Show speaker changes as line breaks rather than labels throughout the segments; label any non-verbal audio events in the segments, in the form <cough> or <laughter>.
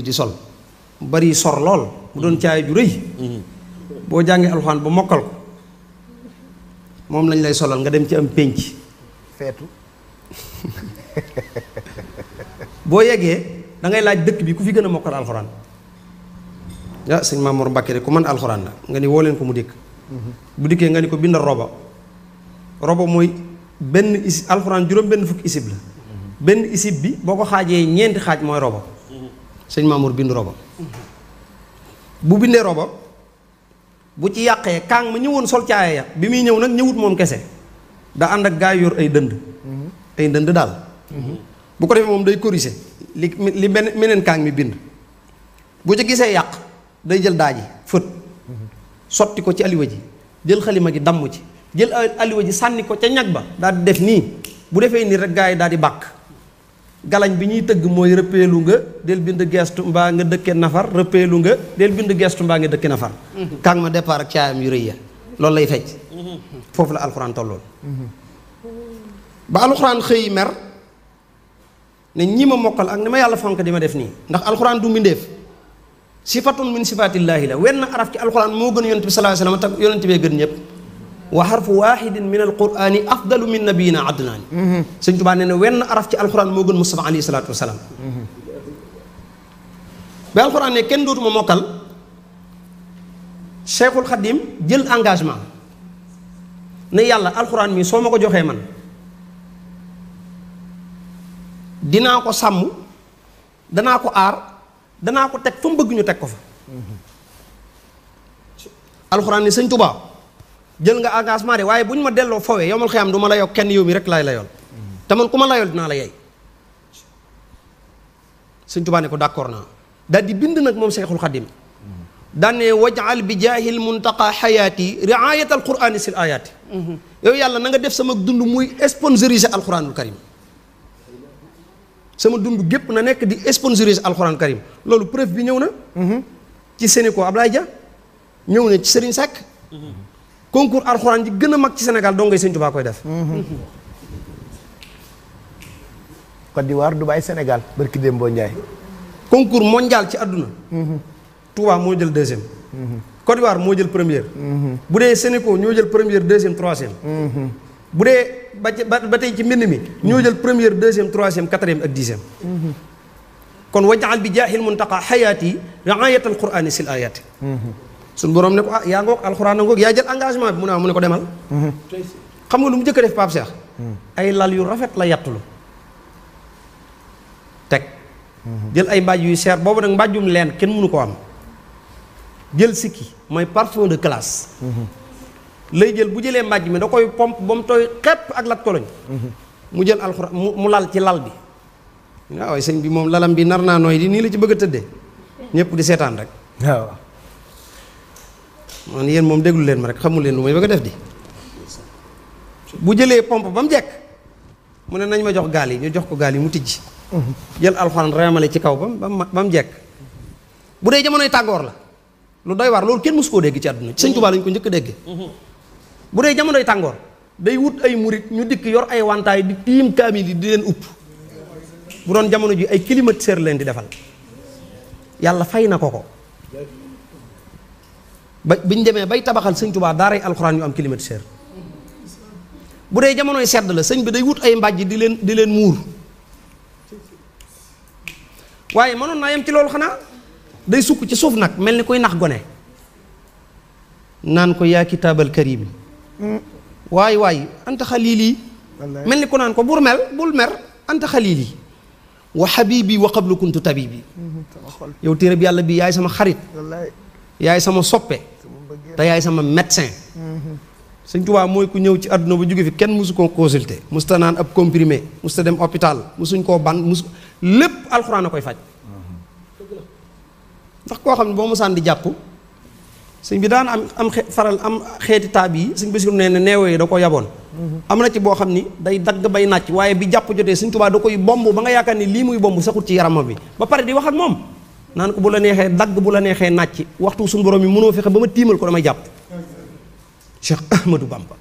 di sol bari sor lool mu doon caay ju rëy mhm. boo jàngee alxuraan ba mokkal ko moom lañ lay solal nga dem ci am pénc feetu <laughs> boo yeggee dangay laaj dëkk bi ku fi gën a mokkal alxuraan ah sëñ Mamour Mbacke de ku mën alxuraan la nga ni woo leen ko mu dikk mhm. bu dikkee nga ni ko bindal roba roba mooy benn isib alxuraan juróom benn fukki isib la mhm. benn isib bi boo ko xaajee ñeenti xaaj mooy roba sëñ Mamour bind roba bu bindee roba bu ci yàqee kaang ma ñëwoon sol caaya ya bi muy ñëw nag ñëwut moom kese da ànd ak gaay yor ay dënd mhm. ay dënd daal mhm. bu ko defee moom day corriger li meneen kaang mi bind bu ci gisee yàq day jël daaji fët mhm. sotti ko ci aliwa ji jël xalima gi damm ci jël aliwa ji sànni ko ca ñag ba daal di def nii bu defee nii rek gaay yi daal di bàkk galañ bi ñuy tëgg mooy rëppeelu nga del bind gestu mbaa nga dëkke nafar rëppeelu nga del bind gestu mbaa nga dëkke nafar mhm. kaag ma départ ak caayam yu rëy ya loolu lay fecc mhm. foofu la alxuraan tolloon mhm. ba alxuraan xëy mer ne ñi ma mokkal ak ni ma yàlla fonk di ma def nii ndax alxuraan du mbindeef sifatun min sifatillaahi la wenn araf ci alxuraan moo gën yonent bi sallallahu alayhi wasallam te bee gën ñëpp wa harfu wahidin min alqurani afdalu min nabiyina adnaan mhm. sëñ Tuubaa nee na wenn araf ci alquran moo gën Mustafa alayhi salaatu wasalaam mhm. ba alquran ne kenn dootuma mokkal Cheikhul Khadim jël engagement ne yàlla alquran mi soo ma ko joxee man dinaa ko sàmm danaa ko aar danaa ko teg fa mu bëgg ñu teg ko fa mhm. alxuraan ni sëñ Tuubaa jël nga engagement de waaye bu ñu ma delloo fowee yomal xiyam du ma la yokk kenn yow mi rek laay layool te man ku ma layool dinaa la yey sëñ Tuubaa ko d'accord naa daal di bind nag moom Seexul Xadim daane wajal bi jaahil muntaqa xayaati riayat alqurani sil ayaati yow yàlla na nga def sama dund muy sponsoriser alquranul karim sama dund gépp na nekk di sponsoriser alquranul karim loolu preuve bi ñëw na mhm. ci Sénégal Ablaye Dia ñëw na ci Serigne Seck mhm. concours alxuraan ji gën a mag ci Sénégal dong ngay Sëñ Tuubaa koy def. Côte d'Ivoire Dubaï Sénégal barki Dembo Ndiaye. concours mondial ci àdduna. Mhm. Touba moo jël deuxième. Mhm. Côte d'Ivoire moo jël première. Mhm. bu dee Sénégal ñoo jël première deuxième troisième. bu dee ba ca ba tey ci mbind mi. ñoo jël première deuxième troisième quatrième ak dixième. kon wajaal bi jaaxil muntaqa xayaati raayat alquraani sil ayaati suñu borom ne ko ah yaa ngoog alxuraan ngoog yaa jël engagement bi mu ne ah mu ne ko demal. Mhm. xam nga lu mu njëkk def Pape mhm. ay lal yu rafet la yattulu teg. Mhm. jël ay mbàjj yu seer boobu nag mbàjjum leen kenn mënu ko am. jël sikki mooy parfum de classe. lay jël bu jëlee mbàjj bi da koy pompe ba mu tooy xepp ak lat mu jël alxuraan mu mu lal ci lal bi. waaw sëñ bi moom lalam bi nar naa nooy di nii la ci bëgg a tëddee. ñëpp di seetaan rek. man yéen moom déglu leen ma rek xamul leen lu may bëgg a def di bu jëlee pompe ba mu jekk mu ne nañ ma jox gaal yi ñu jox ko gaal yi mu tijji jël alxuraan reemale ci kaw ba mu ba mu jekk bu dee jamonoy tàngoor la lu doy war loolu kenn mosu koo dégg ci àdduna ci sëñ Tuubaa lañ ko njëkk a dégg bu dee jamonoy tàngoor day wut ay murit ñu dikk yor ay wantaay di tiim kaamil yi di leen upp bu doon jamono ji ay climatiseur leen di defal yàlla fay na ko ko ba bi ñu demee bay tabaxal sëñ Tuubaa daaray alxuraan yu am climatiseur bu dee jamonoy sedd la sëñ bi day wut ay mbàjj di leen di leen muur waaye mënoon naa yem ci loolu xanaa day sukk ci suuf nag mel ni koy nax gone naan ko yaa kitaabal karim waay waay anta xalili mel ni ko naan ko bur mel bul mer anta xalili wa xabibi wa qablu kuntu tabibi mhm, yow téere bi yàlla bi yaay sama xarit yaay sama soppe te yaay sama médecin. sëñ Tuubaa mooy ku ñëw ci àdduna bu jóge fi kenn mosu koo consulter musta naan ab comprimé musta dem hôpital mosuñ koo ban mosu lépp alxuraan a koy faj. ndax koo xam ne boo musaan di jàpp sëñ bi daan am am faral am xeeti taab yi sëñ Basiru nee na neewo da ko yaboon am na ci boo xam ni day dagg bay nàcc waaye bi jàpp jotee suñ Tuubaa da koy bomb ba nga yaakaar ni lii muy bomb saxut ci yaramam bi ba pare di wax ak moom naan ko bu la neexee dagg bu la neexee nàcc waxtu suñu borom yi mënoo fexe ba ma tiimal ko damay jàpp Cheikh Ahmadou Bamba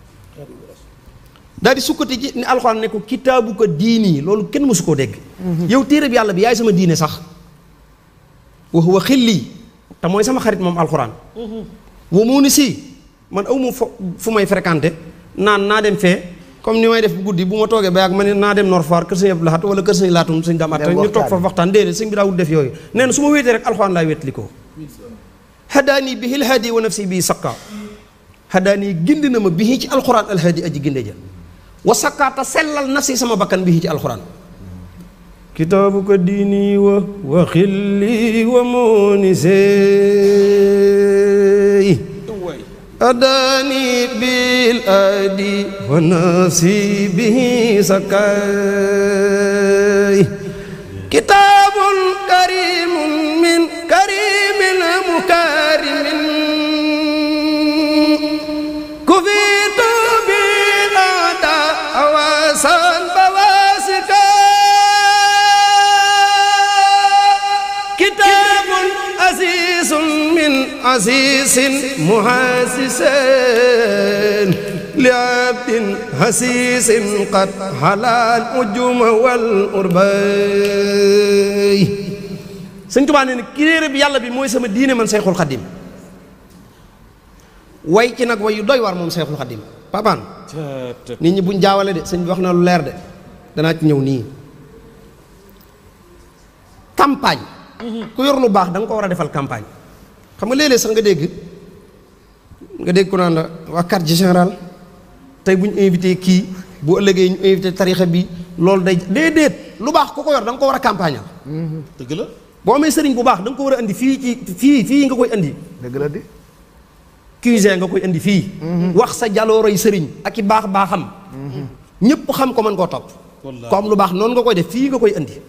daal di sukkati ci ne alxuraan ne ko kitaabu ko diini loolu kenn mësu koo dégg mhm. yow téere yàlla bi yaay sama diine sax wa huwa te mooy sama xarit moom alxuraan mhm. wa muuni si man aw ma fu may fréquenté naan naa dem fee comme ni may def bu guddi bu ma toogee ba ak ma ne naa dem Nord Foire kër sëñ Abdou Lahat wala kër sëñ Laatoum sëñ Damaat te ñu toog fa waxtaan déedéet sëñ bi daawul def yooyu nee na su ma wéetee rek alxuraan laay wéetlikoo hadaani bihi alhaadi na ma bihi ci alxuraan alhaadi aji ginde ja wa sakkaata sellal nafsi sama bakkan bihi ci alxuraan kitaabuka diini wa wa xilli wa monisee أداني بالأدي ونصيبه سكاي عزيز مهاسس لعبد هسيس قد حلا الأجوم والأربي Sëñ Tuubaa nee na kiréere bi yàlla bi mooy sama diine man Seexul Xaddim way ci nag way doy waar moom Seexul Xaddim papaan nit ñi buñ jaawale de sëñ bi wax na lu leer de danaa ci ñëw nii campagne mhm. ku yor lu baax da nga ko war a defal campagne xam nga léeg sax nga dégg nga dégg ku naan la waa quartier général tey bu ñu invité kii bu ëllëgee ñu invité tarixa bi loolu day déedéet lu baax ku ko yor da nga ko war a campagne dëgg la boo amee sëriñ bu baax da nga ko war a indi fii ci fii fii nga koy indi dëgg la di. cuisine nga koy indi fii. Mhm. wax sa jalooroy sëriñ ak i baax baaxam. Mhm. ñëpp xam ko mën koo topp. am lu baax noonu nga koy def fii nga koy indi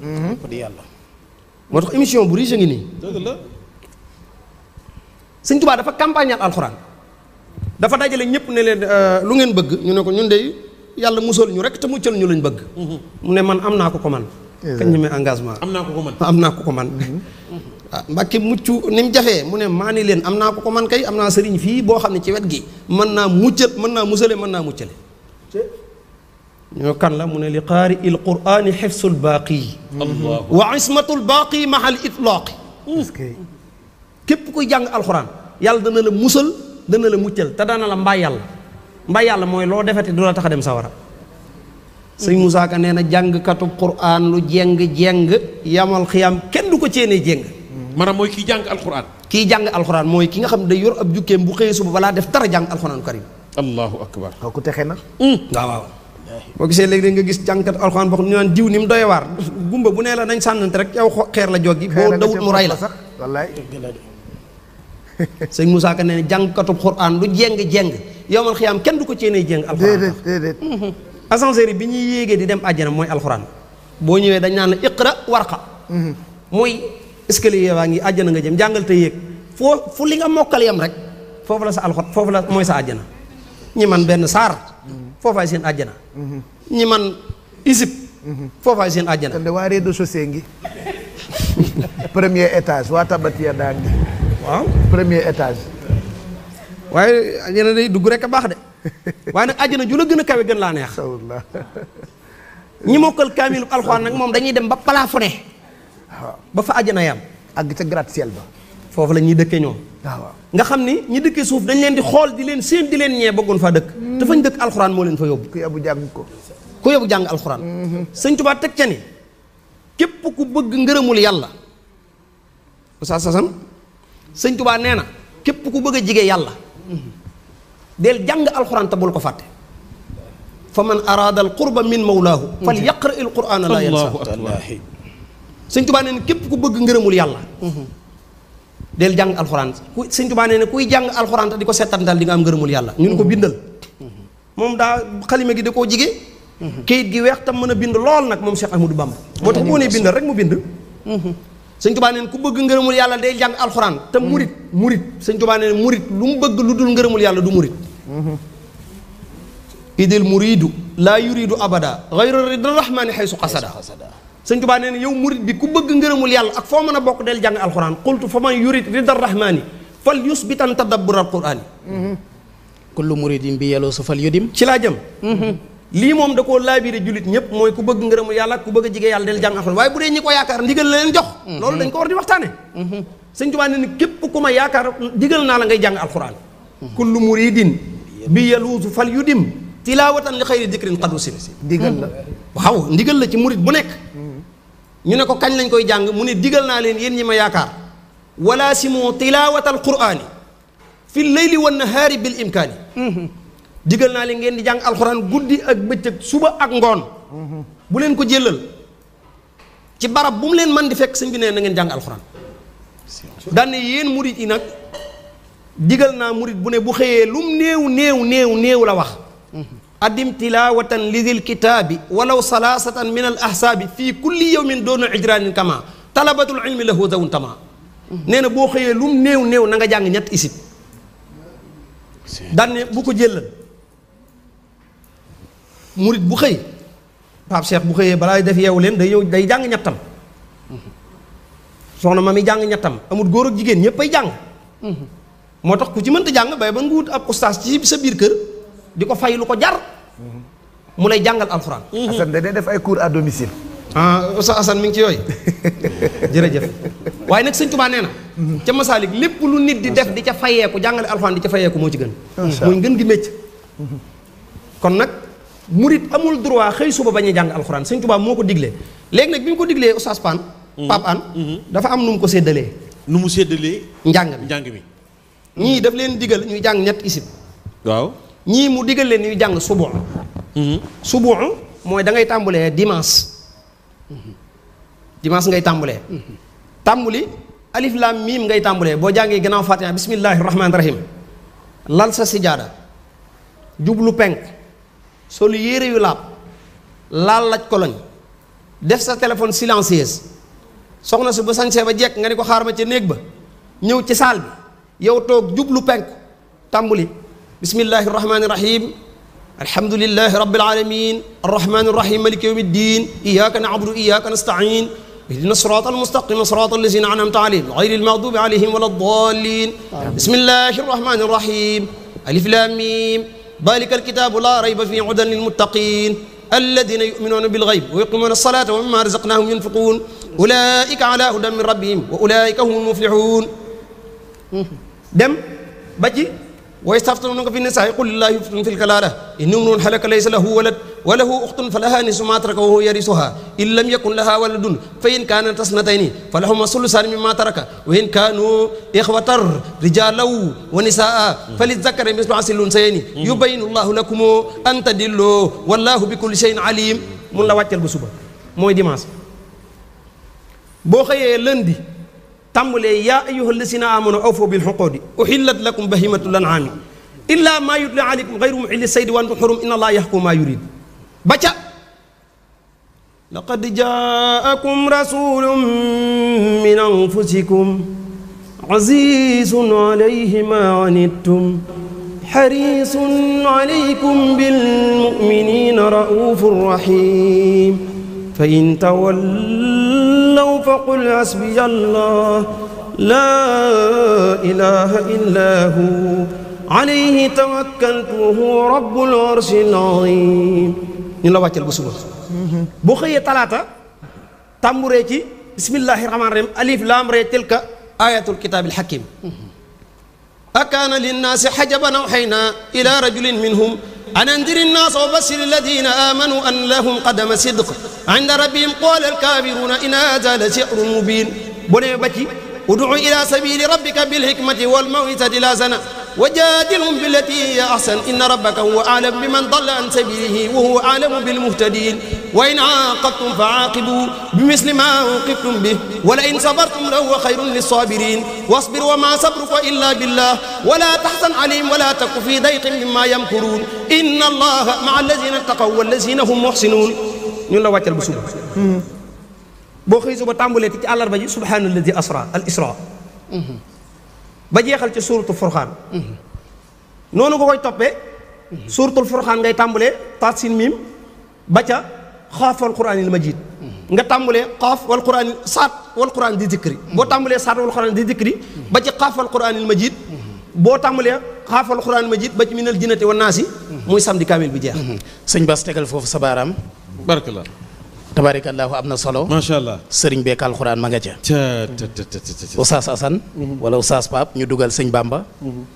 yàlla moo tax émission bu riche ngi nii. sëñ Tuubaa dafa campagneal alxuraan dafa dajale ñëpp ne leen euh, lu ngeen bëgg ñu ne ko ñun de yàlla musal ñu rek te muccal ñu lañ bëgg. mu ne man am naa ko ko man. Eh. kañ engagement am naa ko man am naa ko ko man. ah Mbàkke mucc ni jafe mu ne maa ni leen am naa ko ko man kay am naa sëriñ fii boo xam ne ci wet gi mën naa muccal mën naa musale mën naa muccale. ñoo kan la mu ne li qaari il quraani xifsul baaqi wa ismatul baaqi mahal itlaaqi képp kuy jàng alxuraan. yàlla dana la musal dana la muccal te dana la mbaa yàlla mbaa yàlla mooy loo defete du la tax a dem sawara sëñ Moussa Ka nee na jàngkatu Qur'an lu jeng jeng yamal xiyaam kenn du ko ceenee jeng. maanaam mooy kii jàng alquran. kii jàng alquran mooy ki nga xam ne day yor ab jukkeem bu xëyee suba balaa def tara jàng alquran karim. allahu akbar. waaw ku texe na. Hmm. waaw waaw. boo gisee léegi nga gis jàngkat alquran boo xam ne diw ni mu doy waar. gumba bu nee la nañ sànnante rek yow xeer la joggi. xeer mu ray la sax sëñ Moussa Ka ne jàngkatub xuraan lu jéng-jéng yow man xiyaam kenn du ko ceenee jéng alxuraan déedéet mhm. yi bi ñuy yéegee di dem àjjana mooy alxuraan boo ñëwee dañ naan la iqra warqa mhm. mooy escalier waa ngi àjjana nga jëm jàngal te yéeg foo fu li nga mokkal yam rek foofu la sa alxuraan foofu la mooy sa àjjana ñi man benn saar foofaay seen àjjana mhm. ñi man isib foofaay seen àjjana te waa <laughs> rez-de-chaussée étage waa tabatiya daa ngi waaw premier étage. waaye ñeneen day dugg rek a baax de waaye nag àjjana ju la gën a kawe gën laa neex. ñi mokkal kaamilu alxuraan nag moom dañuy dem ba fone ba fa àjjana yam àgg a gratte-ciel ba. foofu la ñuy dëkkee ñoom. nga xam ni ñi dëkkee suuf dañ leen di xool di leen seen di leen ñee bëggoon faa dëkk. Mm. te fañ dëkk alxuraan moo leen fa yóbbu. ku yóbbu jàng ko. ku jàng alxuraan. Mm-hmm. sëñ Tuubaa teg ca ni képp ku bëgg ngërëmul yàlla. Oustaz Assane sëñ tubaa nee na képp ku bëgg a jige yàlla del jàng alxuraan te bul ko fàtte fa man araada al qurba min mawlaahu fal yaqra il quraana laa yansa sëñ tubaa nee na képp ku bëgg ngërëmul yàlla del jàng alxuraan ku sëñ tubaa nee na kuy jàng alxuraan te di ko setantal di nga am ngërëmul yàlla ñun ko bindal moom daa xalima gi da koo jige kayit gi weex tam mën a bind lool nag moom Cheikh Ahmadou Bamba moo tax boo nee bindal rek mu bind sëñ Tuubaa ku bëgg ngërëmul yàlla day jàng alxuraan te murit murit sëñ Tuubaa murit lu mu bëgg lu dul ngërëmul yàlla du murit idil muridu laa yuridu abada xayra rida rahmaani xaysu qasada sëñ Tuubaa neen yow murit bi ku bëgg ngërëmul yàlla ak foo mën a bokk de jàng alxuraan qultu fa man yurid rida rahmaani fal yusbitan tadabbur alquraani muridin bi yeloo su ci laa jëm mm-hmm. lii moom da koo laabire jullit ñëpp mooy ku bëgg ngërëmu yàlla ku bëgg a jige yàlla del jàng alxuraan waaye bu dee ñi ko yaakaar ndigal la leen jox mhm. loolu dañ ko war di waxtaane mhm. sëñ Tuubaa ne ni képp ku ma yaakaar digal naa la ngay jàng alxuraan kullu muridin bi yaluusu fal yu dim tilaawatan li xayri dikrin xadusin ndigal la waaw ndigal la ci murid bu nekk mhm. ñu ne ko kañ lañ koy jàng mu ne digal naa leen yéen ñi ma yaakaar wala simoo tilaawata alquraani fi leyli wa nahaari bil imkaani digal naa leen ngeen di jàng alxuraan guddi ak bëccëg suba ak ngoon bu leen ko jëlal ci barab bu mu leen man di fekk sëñ bi nee na ngeen jàng alxuraan daan ne yéen murit yi nag digal naa murit bu ne bu xëyee lu néew néew néew néew la wax adim tilawatan lidil kitaabi walaw salaasatan min al ahsaabi fii kulli yawmin doona ijraanin kama talabatul ilmi lahu zawun tama nee na boo xëyee lu néew néew na nga jàng ñett isib daan ne bu ko jëlal murit bu xëy Pape Cheikh bu xëyee balaa def yeewu leen day ñëw day jàng ñettam soxna ma mi jàng ñettam amut góor ak jigéen ñëpp ay jàng moo tax ku ci mënta jàng bay ba nga wut ab ustaas ci sa biir kër di ko fay lu ko jar mu lay jàngal alxuraan Assane da day def ay cours à domicile ah Oustaz mi ngi ci yooyu <laughs> jërëjëf waaye nag sëñ Tuubaa nee na ca masaalik lépp lu nit di def di ca fayeeku jàngale alxuraan di ca fayeeku moo ci gën mooy ngën gi mécc kon nag mu murit amul droit xëy suba ba ñu jàng alxuraan sëñ Tuubaa moo ko diglee léegi nag bi mu ko diglee Oustaz Pan mm-hmm. Pape An mm-hmm. dafa am nu mu ko séddalee nu mu séddalee njàng mi njàng mi ñii daf leen digal ñu jàng ñett isib waaw ñii mu digal leen ñuy jàng subu mm-hmm. subu mooy da ngay tàmbulee dimanche dimanche ngay tàmbulee tàmbuli alif laam miim ngay tàmbulee boo jàngee gannaaw fatiha bismillahi rahmaani rahim lal sa sijaada jublu penk solu yére yu laab laal laj koloñ def sa téléphone na soxna si bu ba jekk nga ni ko xaar ma ca néeg ba ñëw ci saal bi yow toog jublu penk tàmbuli bismillahi rahmaani rahim alhamdulilahi rabbil alamin arrahmaani rahim maliki yawmi ddin iyyaka na'budu wa iyyaka nasta'in اهدنا الصراط المستقيم صراط الذين انعمت عليهم غير المغضوب عليهم ولا الضالين بسم ذلك الكتاب لا ريب فيه هدى للمتقين الذين يؤمنون بالغيب ويقيمون الصلاة ومما رزقناهم ينفقون أولئك على هدى من ربهم وأولئك هم المفلحون dem ba ci ويستفتون في النساء قل الله يفتن في الكلالة إن امرؤ هلك ليس له ولد وله أخت فلها نصف ما ترك وهو يرثها إن لم يكن لها ولد فإن كانت اثنتين فلهما ثلثان مما ترك وإن كانوا إخوة رجالا ونساء فللذكر مثل حظ الأنثيين يبين الله لكم أن تضلوا والله بكل شيء عليم mun la wàcceel ba suba mooy dimanche boo xëyee lundi tàmbalee yaa ayyuha allasina amanu awfu bil xuqoodi uhillat lakum bahimatu lanaami illa maa yutla aleykum gayru muhilli saydi wa antum xurum inna allah yaxkum maa yurid ba ca laqad jaakum rasulum min anfusikum azizun alayhi ma anittum xarisun alaykum bil muminina raufun rahim fa in tawalla فقل حسبي الله لا إله إلا هو عليه توكلت وهو رب العرش العظيم ñun la wàccal ba suba boo xëyee talaata tàmburee ci bismillahi rahmaani rahim alif laam ree tilka ayatul kitaabil hakim akaana linnaasi xajaban awxaynaa ila rajulin minhum أن أنذر الناس وبشر الذين آمنوا أن لهم قدم صدق عند ربهم قال الكافرون إن هذا لشعر مبين bu demee ba ci ud'u ilaa sabiili rabbika bil hikmati wal maw'izati l hasana wajaadilhum billatii hiya ahsan inna rabbaka huwa a'lamu biman dalla an sabiilihi wa huwa a'lamu bil muhtadiin wa in aaqabtum fa aaqibu bi misli ma uqibtum bi wala in sabartum la huwa xayrun lissabirin wasbir wa ma sabruka illa billah wala taxzan alayhim wala taku fi dayqin mimma yamkurun inna allaha maa allazina taqaw wallazina hum muxsinuun ñun la wàccal bu suba boo xëy suba tàmbalee ti ci àllarba ji subhaanaalladi asra al isra ba jeexal ci suuratu furxaan noonu nga koy toppee suuratul furxaan ngay tàmbalee taasin miim ba ca xaaf wal quraan il majiid nga tàmbalee xaaf wa quraan saat wal quraan di zikri boo tàmbalee saat wal quraan di zikri ba ci xaaf wal quraan il majiid boo tàmbalee xaaf wal quraan il majiid ba ci minal jinnati wan naasi muy samedi kaamil bi jeex sëñ Bass tegal foofu sa la barkala tabaarakallaahu am na solo macha allah sëriñ beek alxuraan ma nga ca. ca Oustaz Assane mhm. wala Oustaz ñu dugal sëñ Bamba mhm.